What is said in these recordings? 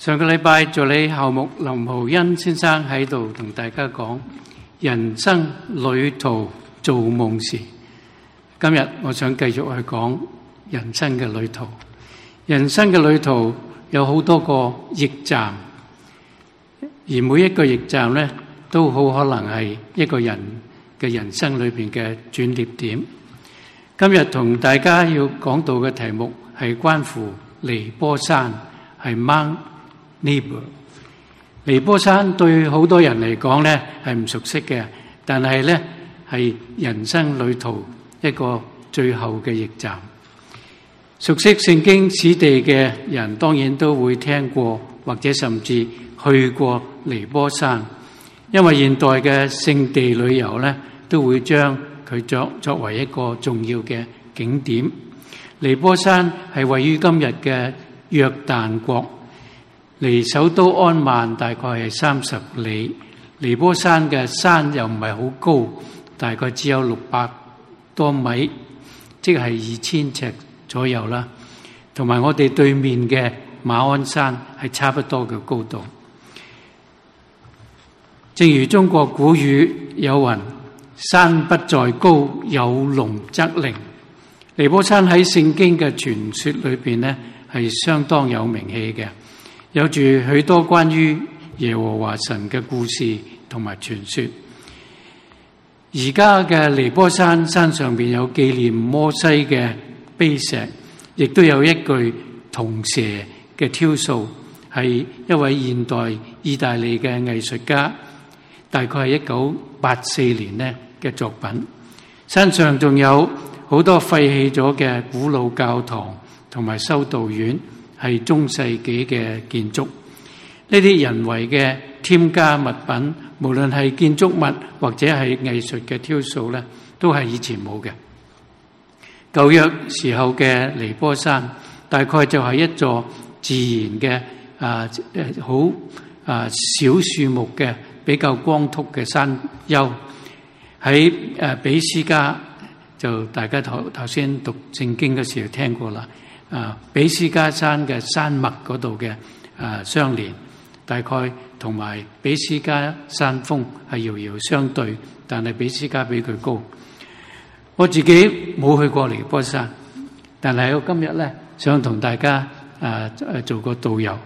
上個禮拜助理校牧林豪恩先生喺度同大家講人生旅途造夢時，今日我想繼續去講人生嘅旅途。人生嘅旅途有好多個驛站，而每一個驛站咧都好可能係一個人嘅人生裏邊嘅轉捩點。今日同大家要講到嘅題目係關乎尼波山，係掹。尼波，尼波山對好多人嚟講呢係唔熟悉嘅，但係呢係人生旅途一個最後嘅驛站。熟悉聖經此地嘅人，當然都會聽過或者甚至去過尼波山，因為現代嘅聖地旅遊呢都會將佢作作為一個重要嘅景點。尼波山係位於今日嘅約旦國。離首都安曼大概係三十里，尼波山嘅山又唔係好高，大概只有六百多米，即係二千尺左右啦。同埋我哋對面嘅馬鞍山係差不多嘅高度。正如中國古語有云：山不在高，有龍則靈。尼波山喺聖經嘅傳說裏邊呢，係相當有名氣嘅。有住許多關於耶和華神嘅故事同埋傳説。而家嘅尼波山山上邊有紀念摩西嘅碑石，亦都有一具銅蛇嘅雕塑，係一位現代意大利嘅藝術家，大概係一九八四年咧嘅作品。山上仲有好多廢棄咗嘅古老教堂同埋修道院，係中世紀嘅建築，呢啲人為嘅添加物品，無論係建築物或者係藝術嘅挑數咧，都係以前冇嘅。舊約時候嘅尼波山，大概就係一座自然嘅啊，好啊少樹木嘅比較光禿嘅山丘。喺誒比斯加，就大家頭頭先讀聖經嘅時候聽過啦。啊，比斯加山嘅山脈嗰度嘅啊相連，大概同埋比斯加山峰係遙遙相對，但係比斯加比佢高。我自己冇去過尼波山，但係我今日咧想同大家啊做個導遊，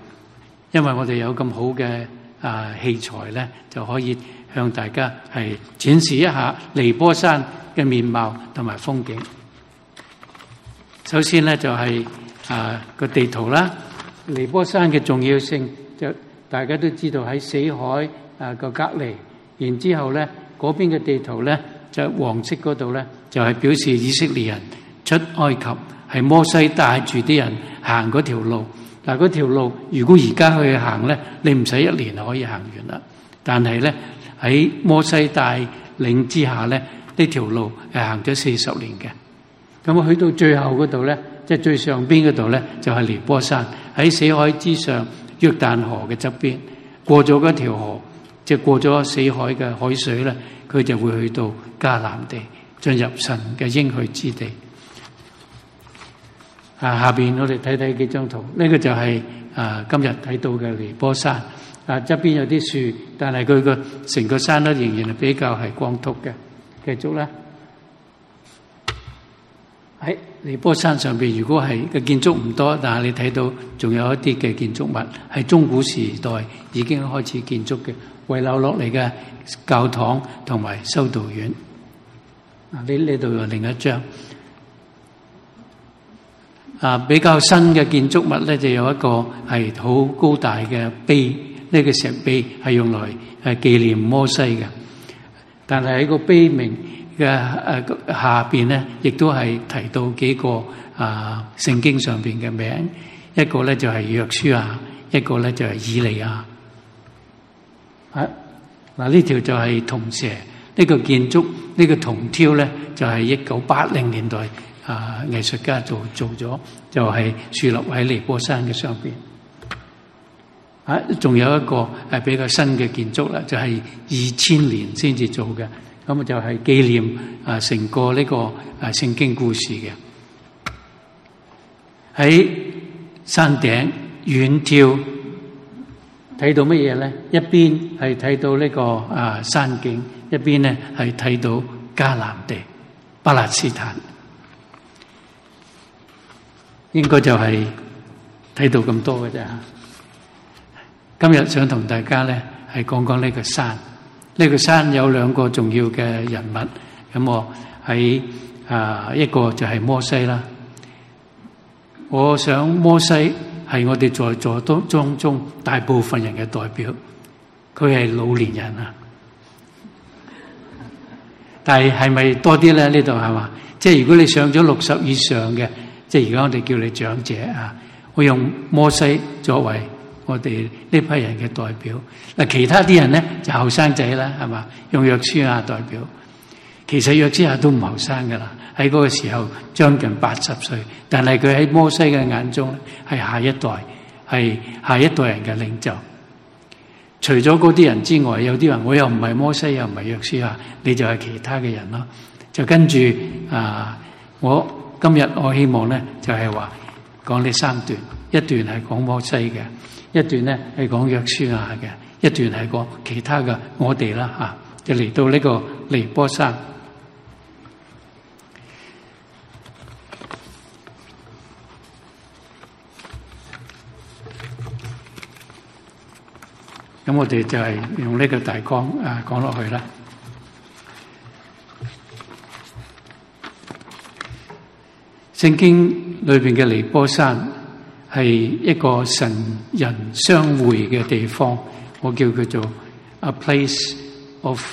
因為我哋有咁好嘅啊器材咧，就可以向大家係展示一下尼波山嘅面貌同埋風景。首先咧就係啊個地圖啦，尼波山嘅重要性就大家都知道喺死海啊個隔籬。然之後咧，嗰邊嘅地圖咧就黃色嗰度咧就係表示以色列人出埃及係摩西帶住啲人行嗰條路。嗱，嗰條路如果而家去行咧，你唔使一年就可以行完啦。但係咧喺摩西帶領之下咧，呢條路係行咗四十年嘅。咁我去到最後嗰度咧，即係最上邊嗰度咧，就係尼波山喺死海之上，約旦河嘅側邊，過咗嗰條河，即係過咗死海嘅海水咧，佢就會去到迦南地，進入神嘅應許之地。啊，下邊我哋睇睇幾張圖，呢個就係啊今日睇到嘅尼波山，啊側邊有啲樹，但係佢個成個山咧仍然係比較係光禿嘅。繼續啦。喺尼波山上邊，如果係嘅建築唔多，但係你睇到仲有一啲嘅建築物係中古時代已經開始建築嘅遺留落嚟嘅教堂同埋修道院。啊，呢呢度又另一張啊，比較新嘅建築物咧，就有一個係好高大嘅碑，呢個石碑係用來係紀念摩西嘅，但係喺個碑名嘅誒下邊咧，亦都係提到幾個啊聖經上邊嘅名，一個咧就係約書亞，一個咧就係以利亞。啊，嗱呢條就係銅蛇，呢個建築呢個銅雕咧就係一九八零年代啊藝術家做做咗，就係樹立喺尼波山嘅上邊。啊，仲有一個係比較新嘅建築啦，就係二千年先至做嘅。咁啊，就係紀念啊，成個呢個啊聖經故事嘅。喺山頂遠眺，睇到乜嘢咧？一邊係睇到呢個啊山景，一邊咧係睇到迦南地、巴勒斯坦。應該就係睇到咁多嘅啫。今日想同大家咧係講講呢個山。呢個山有兩個重要嘅人物，咁我喺啊一個就係摩西啦。我想摩西係我哋在座當中中大部分人嘅代表，佢係老年人啊。但係係咪多啲咧？呢度係嘛？即係如果你上咗六十以上嘅，即係而家我哋叫你長者啊，我用摩西作為。我哋呢批人嘅代表嗱，其他啲人咧就後生仔啦，係嘛？用約書亞代表，其實約書亞都唔後生㗎喇。喺嗰個時候，將近八十歲，但係佢喺摩西嘅眼中係下一代，係下一代人嘅領袖。除咗嗰啲人之外，有啲人我又唔係摩西，又唔係約書亞，你就係其他嘅人囉。就跟住啊，我今日我希望咧就係話講呢三段，一段係講摩西嘅。一段呢係講約書亞嘅，一段係講其他嘅我哋啦、啊、就嚟到呢個尼波山。咁我哋就係用呢個大綱啊講落去啦。聖經裏面嘅尼波山。係一個神人相會嘅地方，我叫佢做 A Place of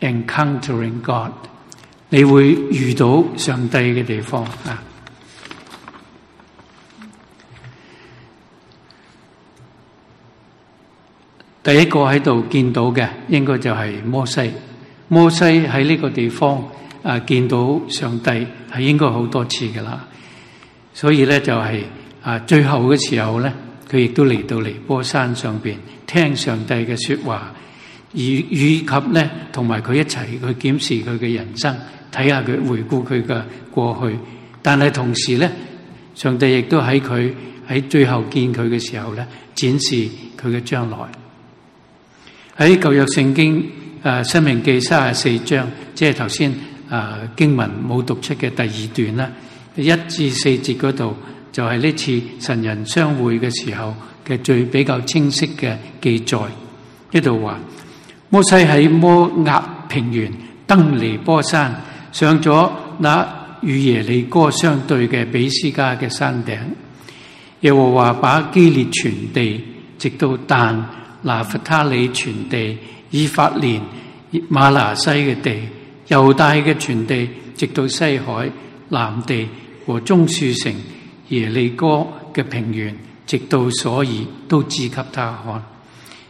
Encountering God。你會遇到上帝嘅地方啊！第一個喺度見到嘅應該就係摩西。摩西喺呢個地方啊，見到上帝係應該好多次㗎喇，所以咧就係、是。啊！最後嘅時候咧，佢亦都嚟到尼波山上邊聽上帝嘅説話，而以及咧，同埋佢一齊去檢視佢嘅人生，睇下佢回顧佢嘅過去。但係同時咧，上帝亦都喺佢喺最後見佢嘅時候咧，展示佢嘅將來。喺舊約聖經《誒申、呃、命記》三十四章，即係頭先誒經文冇讀出嘅第二段啦，一至四節嗰度。就係呢次神人相會嘅時候嘅最比較清晰嘅記載，呢度話摩西喺摩押平原登尼波山，上咗那與耶利哥相對嘅毗斯迦嘅山頂，耶和華把基列全地，直到但拿弗他利全地，以法蓮馬拿西嘅地，猶大嘅全地，直到西海南地和棕樹城。耶利哥嘅平原，直到瑣珥都指給他看，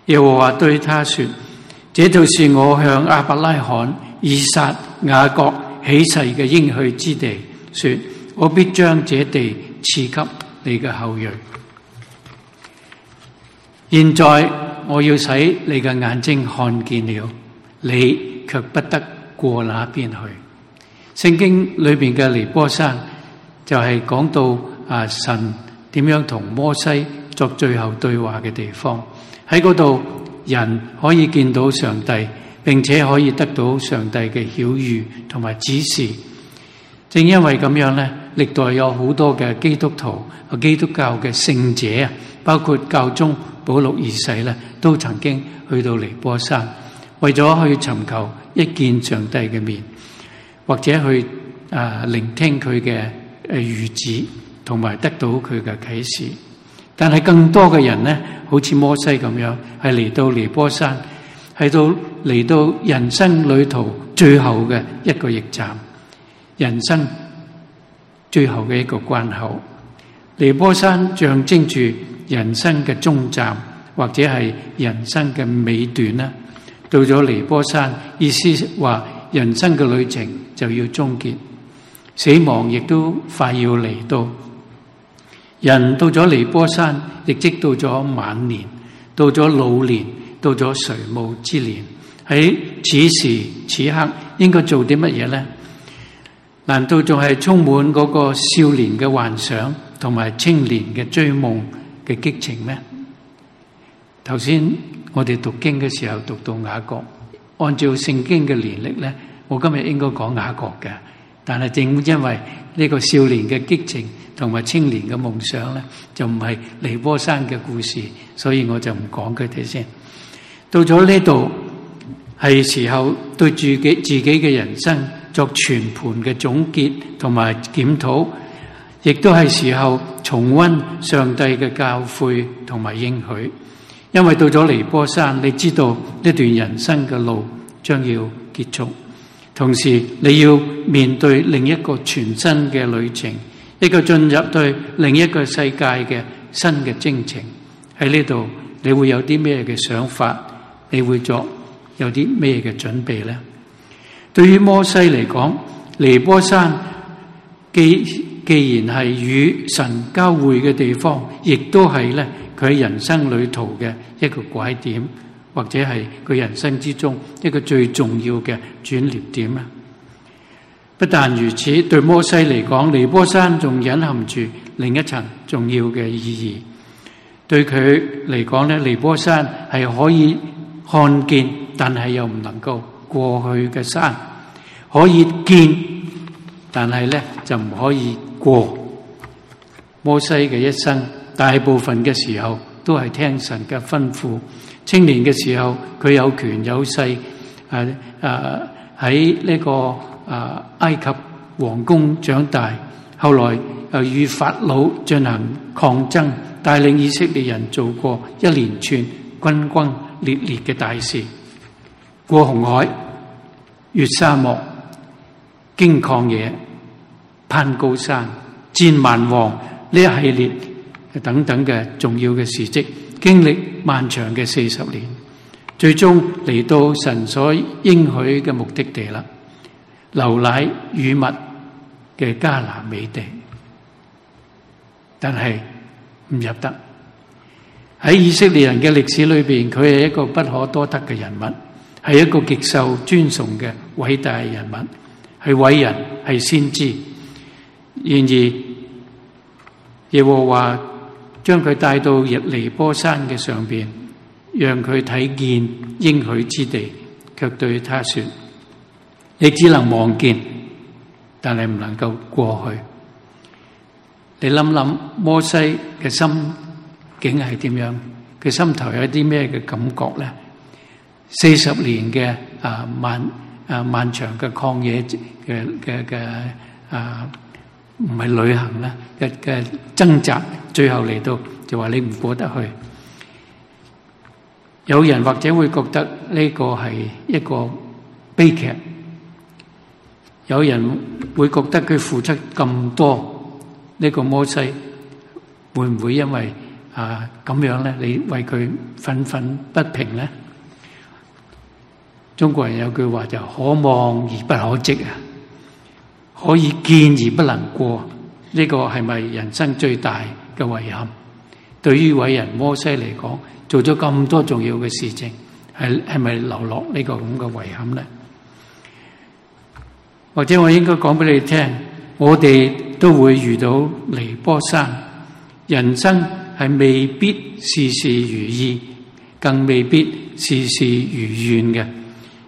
耶和華對他說：這就是我向亞伯拉罕、以撒、雅各起誓嘅應許之地。說：我必將這地賜給你嘅後裔。現在我要使你嘅眼睛看見了，你卻不得過那邊去。聖經裏邊嘅尼波山，就係講到。啊！神點樣同摩西作最後對話嘅地方喺嗰度，人可以見到上帝，並且可以得到上帝嘅曉喻同埋指示。正因為咁樣呢，歷代有好多嘅基督徒啊基督教嘅聖者啊，包括教宗保祿二世呢，都曾經去到尼波山，為咗去尋求一見上帝嘅面，或者去啊聆聽佢嘅誒預旨。同埋得到佢嘅啟示，但係更多嘅人咧，好似摩西咁樣，係嚟到尼波山，係到嚟到人生旅途最後嘅一個驛站，人生最後嘅一個關口。尼波山象徵住人生嘅終站，或者係人生嘅尾段啦。到咗尼波山，意思話人生嘅旅程就要終結，死亡亦都快要嚟到。人到咗尼波山，亦即到咗晚年，到咗老年，到咗垂暮之年。喺此時此刻，應該做啲乜嘢呢？難道仲係充滿嗰個少年嘅幻想，同埋青年嘅追夢嘅激情咩？頭先我哋讀經嘅時候讀到雅各，按照聖經嘅年曆咧，我今日應該講雅各嘅。但係，正因為呢個少年嘅激情同埋青年嘅夢想呢，就唔係尼波山嘅故事，所以我就唔講佢哋先。到咗呢度，係時候對自己自己嘅人生作全盤嘅總結同埋檢討，亦都係時候重溫上帝嘅教訓同埋應許。因為到咗尼波山，你知道呢段人生嘅路將要結束。同時，你要面對另一個全新嘅旅程，一個進入對另一個世界嘅新嘅征程。喺呢度，你會有啲咩嘅想法？你會做有啲咩嘅準備呢？對於摩西嚟講，尼波山既既然係與神交會嘅地方，亦都係咧佢人生旅途嘅一個拐點。或者係佢人生之中一個最重要嘅轉捩點啦。不但如此，對摩西嚟講，尼波山仲隱含住另一層重要嘅意義。對佢嚟講呢，尼波山係可以看見，但係又唔能夠過去嘅山，可以見，但係呢就唔可以過。摩西嘅一生，大部分嘅時候都係聽神嘅吩咐。青年嘅時候，佢有權有勢，誒誒喺呢個誒埃及王宮長大，後來又與法老進行抗爭，帶領以色列人做過一連串轟轟烈烈嘅大事，過紅海、越沙漠、經曠野、攀高山、戰蠻王呢一系列等等嘅重要嘅事蹟。經歷漫長嘅四十年，最終嚟到神所應許嘅目的地啦，流奶與蜜嘅迦南美地，但係唔入得。喺以色列人嘅歷史裏邊，佢係一個不可多得嘅人物，係一個極受尊崇嘅偉大人物，係偉人，係先知。然而，耶和華。將佢帶到入尼波山嘅上邊，讓佢睇見應許之地，卻對佢說：你只能望見，但係唔能夠過去。你諗諗摩西嘅心境係點樣？佢心頭有啲咩嘅感覺咧？四十年嘅啊漫啊漫長嘅曠野嘅嘅嘅啊！唔係旅行啦，一嘅掙扎，最後嚟到就話你唔過得去。有人或者會覺得呢個係一個悲劇，有人會覺得佢付出咁多，呢個摩西會唔會因為啊咁樣咧？你為佢憤憤不平咧？中國人有句話就可望而不可即啊！可以見而不能過，呢個係咪人生最大嘅遺憾？對於偉人摩西嚟講，做咗咁多重要嘅事情，係係咪流落呢個咁嘅遺憾呢？或者我應該講俾你聽，我哋都會遇到尼波山，人生係未必事事如意，更未必事事如願嘅。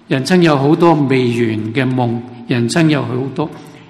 人生有好多未完嘅夢，人生有好多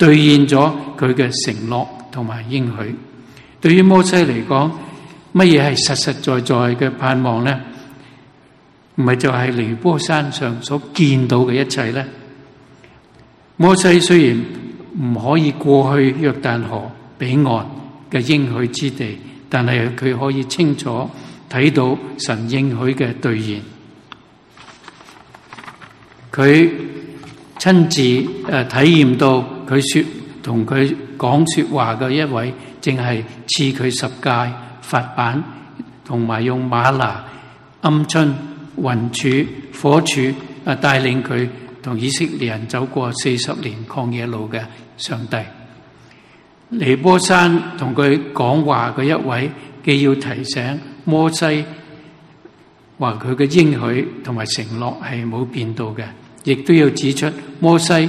兌現咗佢嘅承諾同埋應許。對於摩西嚟講，乜嘢係實實在在嘅盼望呢？唔係就係尼波山上所見到嘅一切呢？摩西雖然唔可以過去約旦河彼岸嘅應許之地，但係佢可以清楚睇到神應許嘅兌現。佢親自誒體驗到。佢說同佢講說話嘅一位，正係賜佢十誡、法版，同埋用馬拿、鵪鶉、雲柱、火柱啊，帶領佢同以色列人走過四十年曠野路嘅上帝。尼波山同佢講話嘅一位，既要提醒摩西話佢嘅應許同埋承諾係冇變到嘅，亦都要指出摩西。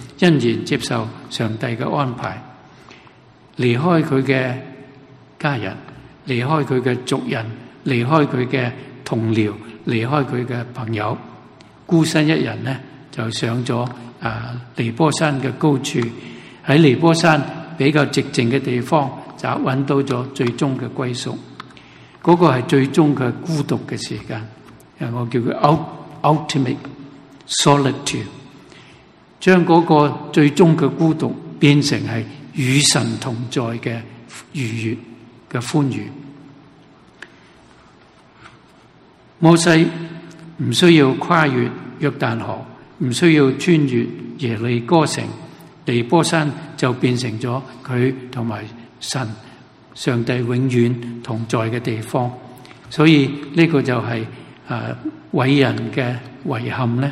欣然接受上帝嘅安排，離開佢嘅家人，離開佢嘅族人，離開佢嘅同僚，離開佢嘅朋友，孤身一人呢就上咗啊尼波山嘅高處，喺尼波山比較寂靜嘅地方，就搵到咗最終嘅歸宿。嗰個係最終嘅孤獨嘅時間，我叫佢 Ultimate Solitude。將嗰個最終嘅孤獨變成係與神同在嘅愉悦嘅歡愉。摩西唔需要跨越約旦河，唔需要穿越耶利哥城，尼波山就變成咗佢同埋神上帝永遠同在嘅地方。所以呢個就係誒偉人嘅遺憾咧。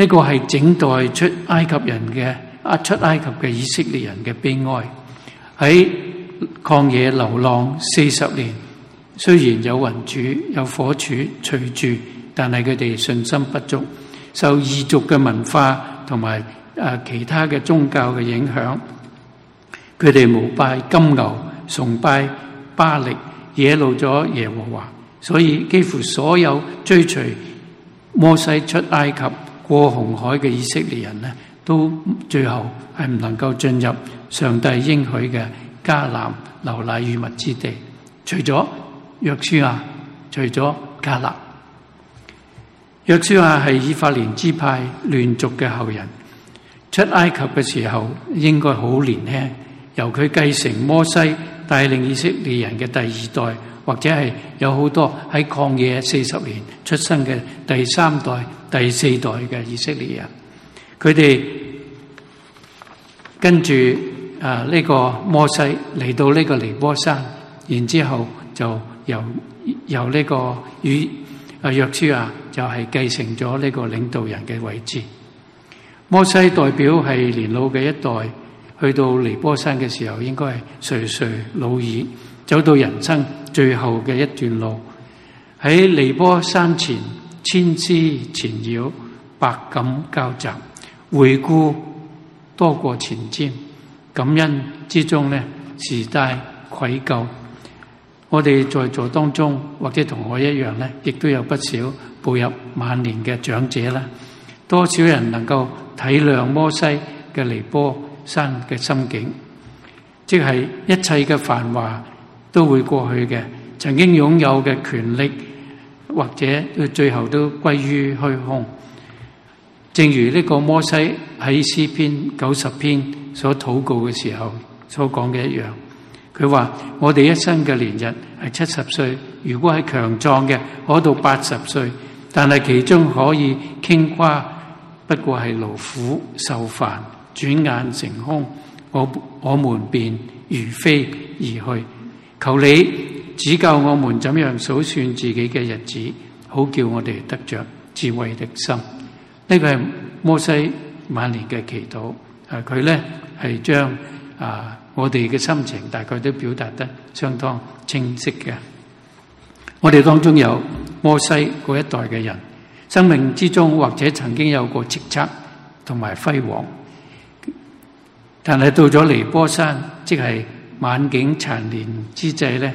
呢個係整代出埃及人嘅啊，出埃及嘅以色列人嘅悲哀，喺曠野流浪四十年，雖然有雲柱、有火柱隨住，但係佢哋信心不足，受異族嘅文化同埋啊其他嘅宗教嘅影響，佢哋膜拜金牛，崇拜巴力，惹怒咗耶和華，所以幾乎所有追隨摩西出埃及過紅海嘅以色列人呢，都最後係唔能夠進入上帝應許嘅迦南流奶與蜜之地。除咗約書亞，除咗迦勒，約書亞係以法蓮支派亂族嘅後人。出埃及嘅時候應該好年輕，由佢繼承摩西帶領以色列人嘅第二代，或者係有好多喺曠野四十年出生嘅第三代。第四代嘅以色列人，佢哋跟住啊呢個摩西嚟到呢個尼波山，然之後就由由呢個與啊約書亞就係繼承咗呢個領導人嘅位置。摩西代表係年老嘅一代，去到尼波山嘅時候，應該係垂垂老矣，走到人生最後嘅一段路。喺尼波山前。千絲纏繞，百感交集，回顧多過前瞻，感恩之中呢時帶愧疚。我哋在座當中或者同我一樣呢亦都有不少步入晚年嘅長者啦。多少人能夠體諒摩西嘅尼波山嘅心境？即係一切嘅繁華都會過去嘅，曾經擁有嘅權力。或者佢最後都歸於虛空，正如呢個摩西喺詩篇九十篇所禱告嘅時候所講嘅一樣，佢話：我哋一生嘅年日係七十歲，如果係強壯嘅，可到八十歲，但係其中可以矜誇，不過係勞苦受煩，轉眼成空，我我們便如飛而去，求你。指教我們怎樣數算自己嘅日子，好叫我哋得著智慧的心。呢個係摩西晚年嘅祈禱。誒，佢咧係將啊我哋嘅心情大概都表達得相當清晰嘅。我哋當中有摩西嗰一代嘅人，生命之中或者曾經有過叱咤同埋輝煌，但係到咗尼波山，即係晚景殘年之際咧。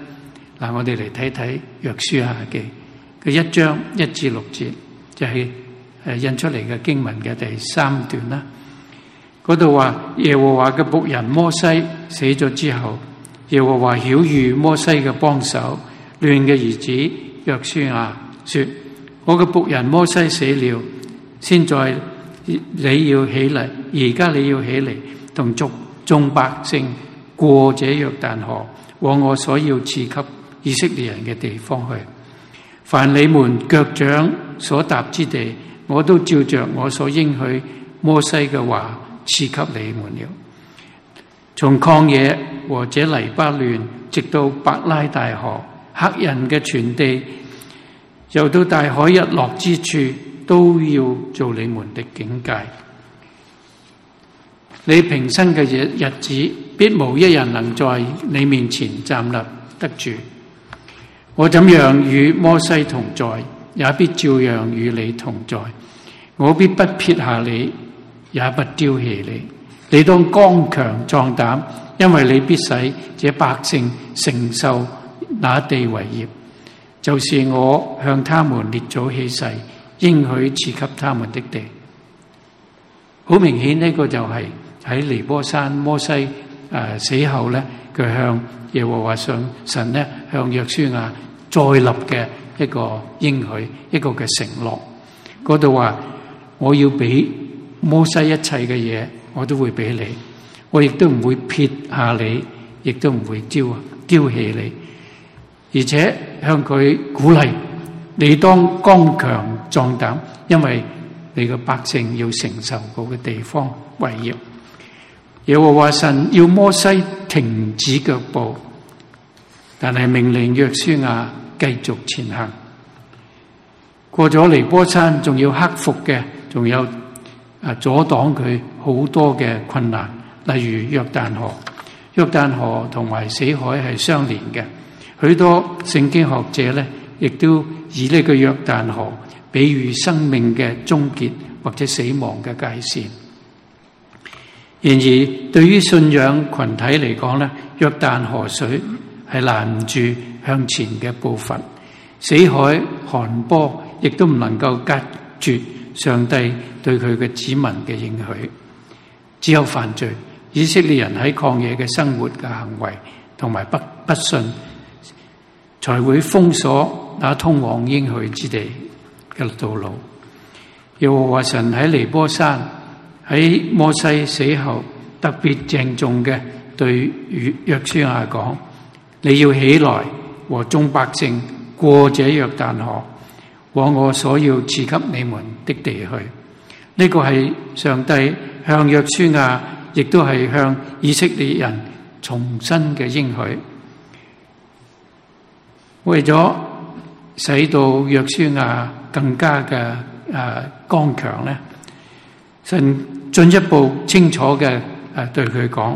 嗱，我哋嚟睇睇約書亞記嘅佢一章一至六節，就係誒印出嚟嘅經文嘅第三段啦。嗰度話耶和華嘅僕人摩西死咗之後，耶和華曉喻摩西嘅幫手亂嘅兒子約書亞，說：我嘅僕人摩西死了，現在你要起嚟，而家你要起嚟，同眾眾百姓過這約旦河，往我所要賜給以色列人嘅地方去，凡你們腳掌所踏之地，我都照着我所應許摩西嘅話賜給你們了。從曠野和者黎巴嫩，直到伯拉大河赫人嘅全地，又到大海日落之處，都要做你們的境界。你平生嘅日日子，必無一人能在你面前站立得住。我怎樣與摩西同在，也必照樣與你同在。我必不撇下你，也不丟棄你。你當剛強壯膽，因為你必使這百姓承受那地為業。就是我向他們列祖起誓，應許賜給他們的地。好明顯呢個就係喺尼波山摩西。誒、呃、死後，咧，佢向耶和華上神咧，向約書亞再立嘅一個應許，一個嘅承諾。嗰度話：我要俾摩西一切嘅嘢，我都會俾你。我亦都唔會撇下你，亦都唔會丟啊，丟，丟棄你。而且向佢鼓勵你，當剛強壯膽，因為你嘅百姓要承受嗰個地方為業。耶和華神要摩西停止腳步，但係命令約書亞繼續前行。過咗尼波山，仲要克服嘅，仲有啊阻擋佢好多嘅困難，例如約旦河。約旦河同埋死海係相連嘅，許多聖經學者咧，亦都以呢個約旦河，比喻生命嘅終結或者死亡嘅界線。然而，對於信仰群體嚟講咧，約旦河水係攔唔住向前嘅步伐。死海寒波亦都唔能夠隔絕上帝對佢嘅子民嘅應許。只有犯罪以色列人喺曠野嘅生活嘅行為同埋不不信，才會封鎖那通往應許之地嘅道路。耶和華神喺尼波山。喺摩西死後特別鄭重嘅對約書亞講：你要起來和眾百姓過這約旦河，往我所要賜給你們的地去。呢、這個係上帝向約書亞，亦都係向以色列人重新嘅應許。為咗使到約書亞更加嘅，誒、呃、剛強呢。進進一步清楚嘅、誒、對佢講：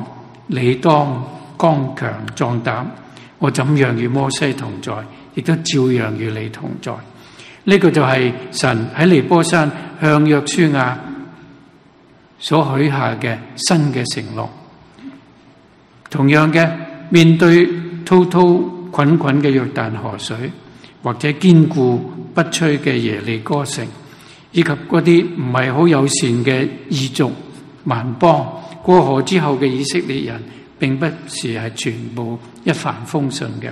你當剛強壯膽，我怎樣與摩西同在，亦都照樣與你同在。呢、這個就係神喺尼波山向約書亞所許下嘅新嘅承諾。同樣嘅，面對滔滔滾滾嘅約旦河水，或者堅固不摧嘅耶利哥城，以及嗰啲唔係好友善嘅異族蠻邦，過河之後嘅以色列人，並不是係全部一帆風順嘅，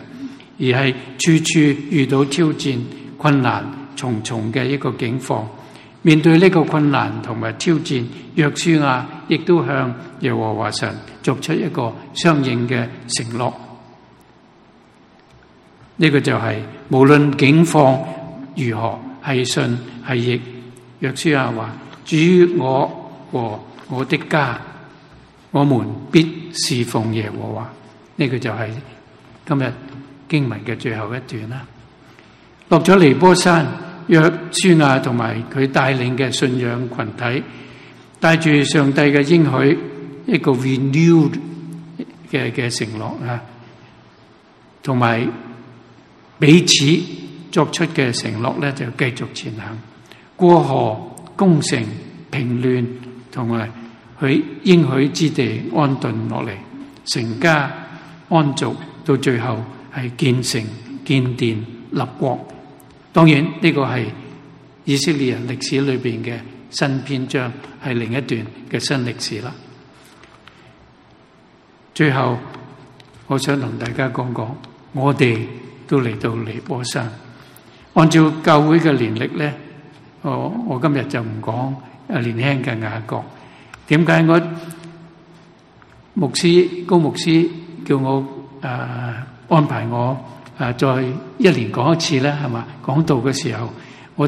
而係處處遇到挑戰、困難、重重嘅一個境況。面對呢個困難同埋挑戰，約書亞亦都向耶和華神作出一個相應嘅承諾，呢、這個就係、是、無論境況如何，係順係逆。約書亞話：主我和我的家，我們必侍奉耶和華。呢、這個就係今日經文嘅最後一段啦。落咗尼波山，約書亞同埋佢帶領嘅信仰群體，帶住上帝嘅應許，一個 renewed 嘅嘅承諾啊，同埋彼此作出嘅承諾咧，就繼續前行。過河攻城平亂，同埋去應許之地安頓落嚟，成家安族，到最後係建城、建殿立國。當然呢個係以色列人歷史裏邊嘅新篇章，係另一段嘅新歷史啦。最後我說說，我想同大家講講，我哋都嚟到尼波山，按照教會嘅年歷咧。哦，我今日就唔講誒年輕嘅雅各。點解我牧師、高牧師叫我誒、啊、安排我誒、啊、再一年講一次咧？係嘛，講道嘅時候，我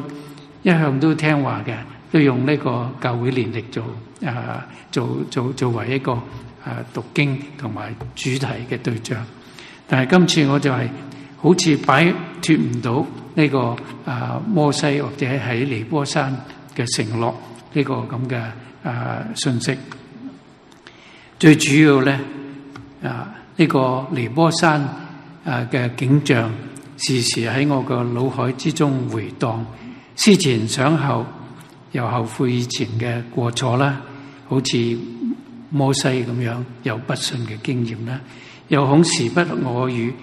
一向都聽話嘅，都用呢個教會年歷做誒、啊、做做作為一個誒讀經同埋主題嘅對象。但係今次我就係好似擺脫唔到。呢個啊摩西或者喺尼波山嘅承諾呢個咁嘅啊信息，最主要咧啊呢個尼波山啊嘅景象時時喺我個腦海之中回盪，思前想後又後悔以前嘅過錯啦，好似摩西咁樣有不信嘅經驗啦，又恐時不我與。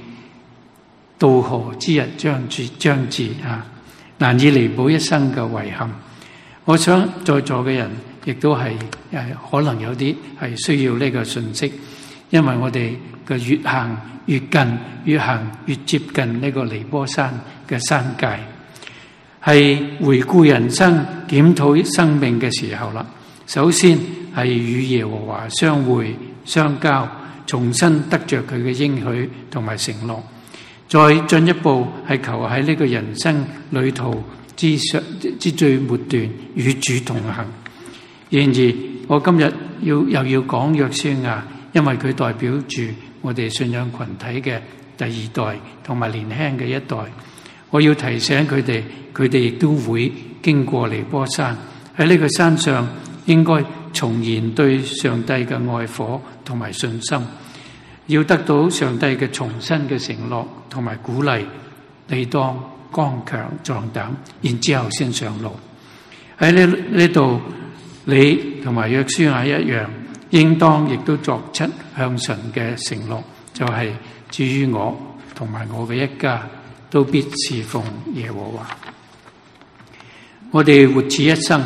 渡河之日將至，將至啊！難以彌補一生嘅遺憾。我想在座嘅人亦都係係可能有啲係需要呢個信息，因為我哋嘅越行越近，越行越接近呢個尼波山嘅山界，係回顧人生、檢討生命嘅時候啦。首先係與耶和華相會相交，重新得着佢嘅應許同埋承諾。再進一步係求喺呢個人生旅途之最之最末段與主同行。然而我今日要又要講約書亞，因為佢代表住我哋信仰群體嘅第二代同埋年輕嘅一代。我要提醒佢哋，佢哋亦都會經過尼波山。喺呢個山上，應該重燃對上帝嘅愛火同埋信心。要得到上帝嘅重新嘅承諾同埋鼓勵，你當剛強壯膽，然之後先上路。喺呢呢度，你同埋約書亞一樣，應當亦都作出向神嘅承諾，就係、是、至於我同埋我嘅一家，都必侍奉耶和華。我哋活此一生，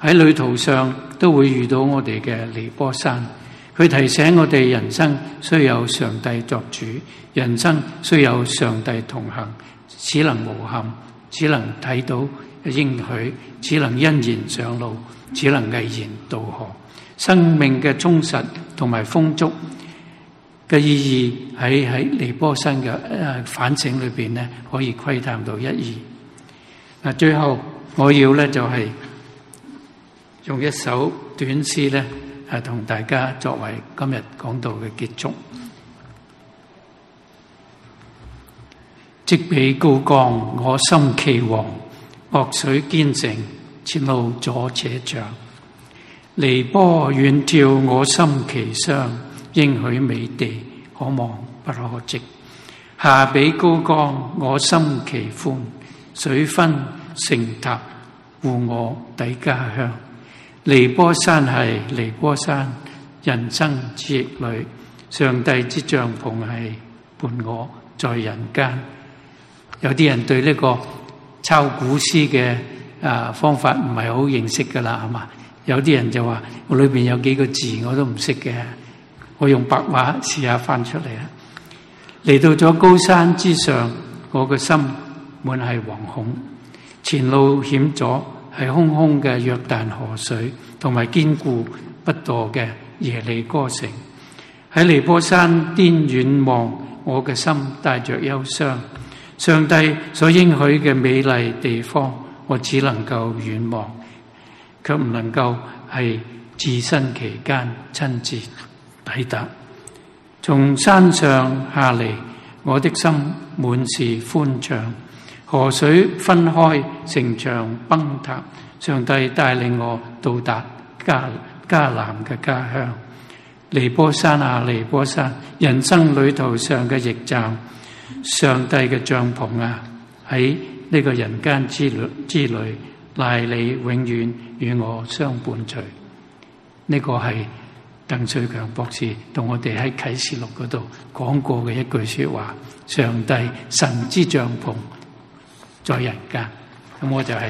喺旅途上都會遇到我哋嘅尼波山。佢提醒我哋：人生需有上帝作主，人生需有上帝同行，只能無憾，只能睇到應許，只能欣然上路，只能毅然渡河。生命嘅充實同埋豐足嘅意義，喺喺尼波山嘅誒反省裏邊呢，可以窺探到一二。嗱，最後我要呢，就係用一首短詩呢。係同大家作為今日講道嘅結束，即俾 高光，我心其惶；惡水堅城，前路阻且長。尼波遠眺，我心其傷。應許美地，可望不可即。下俾高光，我心其歡。水分成塔，護我抵家鄉。尼波山係尼波山，人生之逆旅，上帝之帳篷係伴我在人間。有啲人對呢個抄古詩嘅啊方法唔係好認識噶啦，係嘛？有啲人就話我裏邊有幾個字我都唔識嘅，我用白話試下翻出嚟啦。嚟到咗高山之上，我個心滿係惶恐，前路險阻。係空空嘅約旦河水，同埋堅固不墮嘅耶利哥城。喺尼波山巔遠望，我嘅心帶着憂傷。上帝所應許嘅美麗地方，我只能夠遠望，卻唔能夠係置身其間親自抵達。從山上下嚟，我的心滿是歡暢。河水分開，城牆崩塌，上帝帶領我到達迦迦南嘅家鄉。尼波山啊，尼波山，人生旅途上嘅驛站，上帝嘅帳篷啊，喺呢個人間之旅之旅，賴你永遠與我相伴隨。呢、這個係鄧瑞強博士同我哋喺啟示錄嗰度講過嘅一句說話：上帝神之帳篷。在人間，咁我就係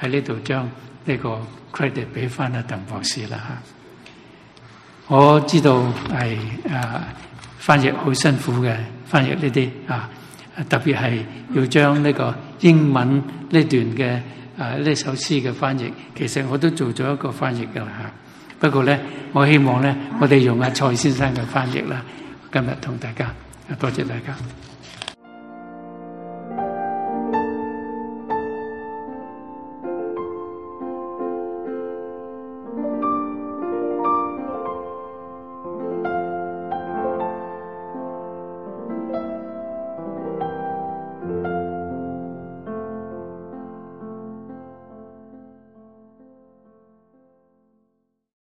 喺呢度將呢個 credit 俾翻阿鄧博士啦嚇。我知道係誒翻譯好辛苦嘅，翻譯呢啲啊，特別係要將呢個英文呢段嘅誒呢首詩嘅翻譯，其實我都做咗一個翻譯㗎啦嚇。不過咧，我希望咧，我哋用阿蔡先生嘅翻譯啦，今日同大家，多謝大家。